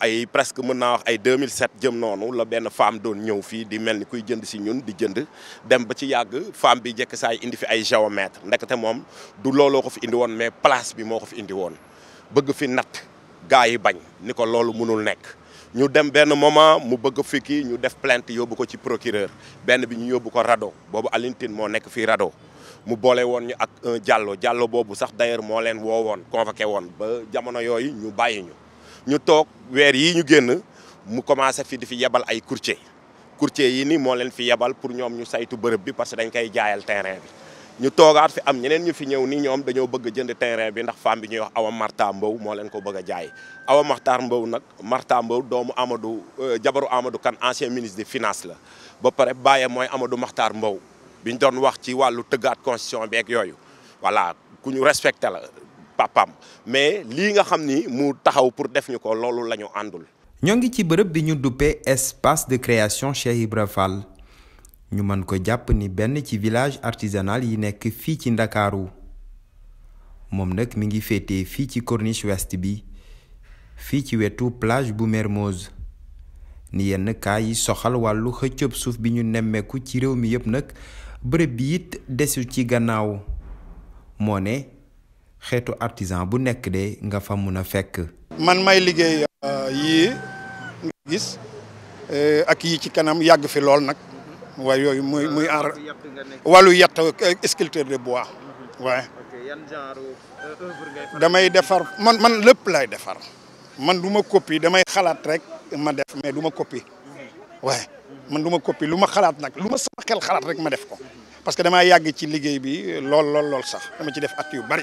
ay presque mën naa wax ay deux mille 2007 jëm noonu la benn femme doon ñëw fii di mel ni kuy jënd si ñun di jënd dem ba ci yàgg femme bi jekk saay indi fi ay géomètre ndekete moom du looloo ko fi indi woon mais place bi moo ko fi indi woon bëgg fi natt gars yi bañ ni ko loolu mënul nekk ñu dem benn moment mu bëgg fi kii ñu def plainte yóbbu ko ci procureur benn bi ñu yóbbu ko rado boobu Alioune moo nekk fii rado mu boole woon ñu ak un Diallo boobu sax d'ailleurs moo leen woo woon convoqué woon ba jamono yooyu ñu bàyyi ñu ñu toog weer yi ñu génn mu commencé fi di fi yebal ay courtier courtier yi ni moo leen fi yebal pour ñoom ñu saytu bërëb bi parce que dañ koy jaayal terrain bi ñu toogaat fi am ñeneen ñu fi ñëw ni ñoom dañoo bëgg a jënd terrain bi ndax femme bi ñuy wax Awa Marta Mbow moo leen ko bëgg jaay Awa Marta Mbow nag Marta Mbow doomu Amadou euh, jabaru Amadou kan ancien ministre des finances la ba pare bàyyee mooy Amadou Makhtar Mbow ñu doon wax ci wàllu tëggaat constitution bi yooyu papam mais li nga xam ni mu taxaw pour def ñu ko loolu lañu àndul. ñoo ngi ci bërëb bi ñu duppee espace de création Cheikh Ibra Fall ñu mën ko jàpp ni benn ci village artisanal yi nekk fii ci Ndakaaru moom nag mi ngi féetee fii ci corniche west bi fii ci wetu plage bu Mermoz ni yenn kaa yi soxal wàllu xëccëb suuf bi ñu nemmeeku ci réew mi yépp nag bërëb bi it desu ci gannaaw moo ne. xeetu artisan bu nekk de nga fa mun a fekk. man may liggéey euh, yii nga gis euh, ak yi ci kanam yàgg fi lool nag waaye yooyu muy muy en wàllu yett euh, sculpteur de bois damay defar man man lépp lay defar man du copie damay xalaat rek ma def mais du ma copie waaye man du ma copie lu ma xalaat nag lu ma sama xel xalaat rek ma def ko parce que damaa yàgg ci liggéey bi lool lool lool sax dama ci def at yu bari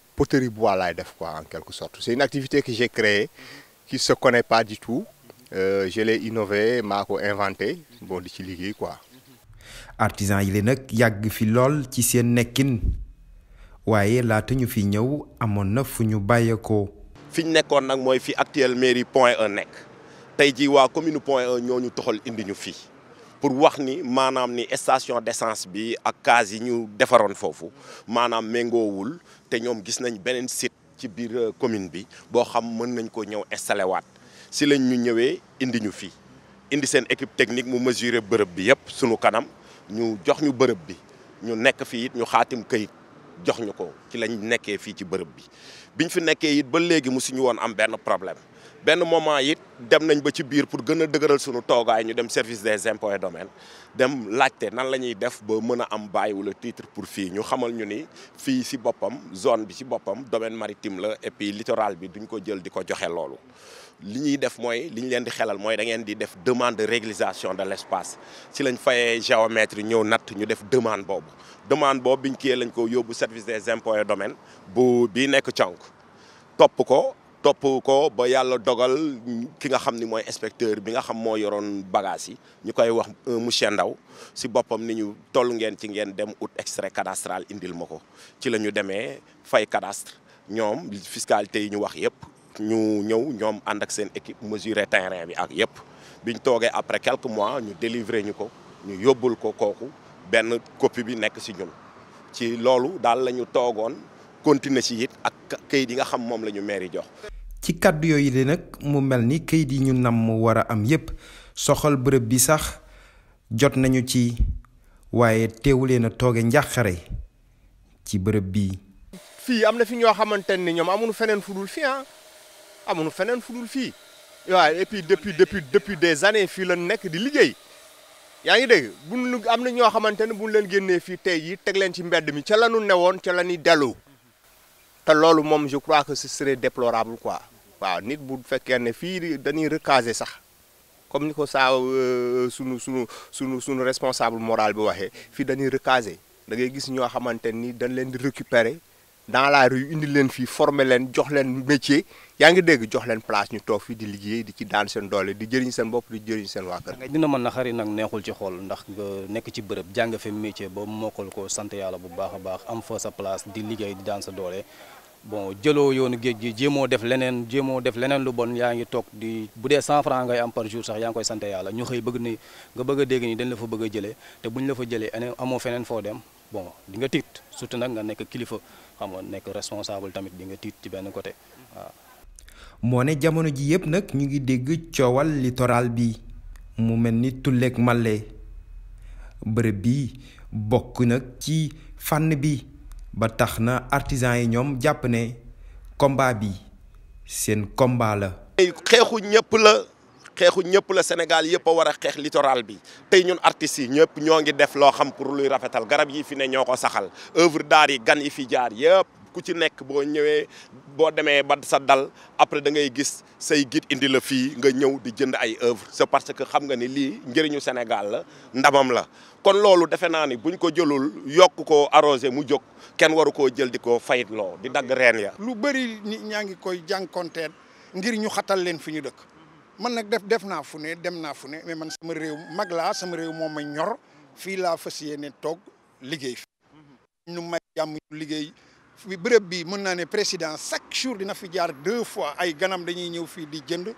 poterie bois laay def quoi en quelque sorte c'est une activité que j'ai créée qui se connaît pas du tout euh, je l'ai innovée m'ako inventé bon di ci liggéey quoi. artisan il est nak yag fi lol ci sen nekkin Waye laata ñu fi ñew amoon na fu ñu bàyyeekoo. fi ñu nekkoon fi actuel mairie Point E nekk Tay ji wa commune Point E ñoo ñu toxal indi ñu fii. pour wax ni maanaam ni station d'essence bi ak case yi ñu defaroon foofu maanaam méngoowul te ñoom gis nañ beneen site ci biir euh, commune bi boo xam mën nañ ko ñëw installé waat si lañ ñu ñëwee indi ñu fii indi seen équipe technique mu mesurer bërëb bi yëpp sunu kanam ñu jox ñu bërëb bi ñu nekk fii it ñu xaatim kayit jox ñu ko ci lañ nekkee fii ci bërëb bi biñ fi nekkee it ba léegi mu suñu woon am benn problème Nous moment it dem nañ ba ci biir pour gëna dem service des impôts et domaines dem nan lañuy def ba mëna bail ou le titre pour les ñu xamal ñu ni fi ci zone bi domaine maritime et puis littoral bi duñ ko jël de ko li def demande de régularisation de l'espace ci lañ fayé géomètre ñëw nat ñu def demande bobu demande bobu biñ lañ ko service des impôts et domaines bu pas nekk topp ko ba yàlla dogal ki nga xam ni mooy inspecteur bi nga xam moo yoroon bagage yi ñu koy wax euh, monsieur Ndaw si boppam ni ñu toll ngeen ci ngeen dem ut extrait cadastral indil ma ko ci la ñu demee fay cadastre ñoom fiscalité yi ñu wax yëpp ñu ñëw ñoom ànd ak seen équipe mesurer terrain bi ak yëpp ñu toogee après quelque mois ñu délivrer ñu ko ñu yóbbul ko kooku benn copie bi nekk si ñun ci loolu daal la ñu toogoon continuer si it ak kayit yi nga xam moom la ñu mairie jox ci yooyu de nag mu mel a am yépp soxal bërëb bi fi ñoo et ah. puis depuis depuis depuis des années fii la nekk di liggéey yaa ngi ñoo leen je crois que ce serait déplorable quoi waaw nit bu fekkee ne fii dañuy recaser sax comme ni ko saa euh, sunu sunu sunu sunu responsable moral bi waxee fii dañuy recaser da ngay gis ñoo xamante ni dañ leen di récupérer dans la rue indi leen fii former leen jox leen métier yaa ngi dégg jox leen place ñu toog fii di liggéey di ci daan seen doole di jëriñ seen bopp di jëriñ seen waa kër. dina mën na xari nag neexul ci xool ndax nga nekk ci bërëb jàng fi métier ba mokkal ko sant yàlla bu baax a baax am fa sa place di liggéey di daan sa doole. bon jëloo yoonu géej gi jéemoo def leneen jéemoo def leneen lu bon yaa ngi toog di bu dee 100 francs ngay am par jour sax yaa ngi koy sant yàlla ñu xëy bëgg ni nga bëgg a dégg ni dañ la fa bëgg a jëlee te bu ñu la fa jëlee amoo feneen foo dem bon di nga tiit surtout nag nga nekk kilifa xam nga nekk responsable tamit di nga tiit ci benn côté moo ne jamono ji yëpp nag ñu ngi dégg coowal littoral bi mu mel ni tulleeg màlle bërëb bi bokk nag ci fànn bi. ba tax na artisans yi ñoom jàpp ne combat bi seen komba la. xeexu ñëpp la xeexu ñëpp la Sénégal yëpp a war a xeex littoral bi tey ñun artistes yi ñëpp ñoo ngi def loo xam pour luy rafetal garab yi fi ne ñoo ko saxal œuvre d'art yi gan yi fi jaar yëpp. ku ci nekk boo ñëwee boo demee ba sa dal après da ngay gis say guide indi la fii nga ñëw di jënd ay œuvre c'est parce que xam nga ni lii njëriñu Sénégal la ndamam la kon loolu defe naa ni buñ ko jëlul yokk ko arrosé mu jóg kenn waru ko jël di ko loo di dagg reen ya lu bëri nit ñaa ngi koy jànkonteel ngir ñu xatal leen fu ñu dëkk man nag def def naa fu ne dem naa fu ne mais man sama réew mag laa sama réew moom ma ñor fii laa fas yéene toog liggéey fi ñu liggéey fi bërëb bi mën naa ne président chaque jour dina fi jaar deux fois ay ganam dañuy ñëw fii di jënd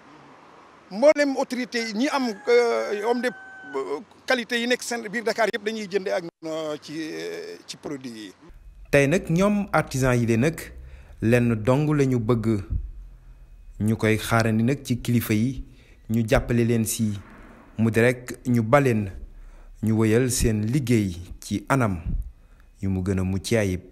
mboolem autorité ñi am euh, homme de euh, qualité yi nekk seen biir Dakar yëpp dañuy jënd ak euh, ci ci produit yi. tey nag ñoom artisan yi de nag lenn dong lañu bëgg ñu koy xaarandi nag ci kilifa yi ñu jàppale leen si mu di rek ñu baleen ñu wëyal seen liggéey ci anam yu mu gën a mucc ayib.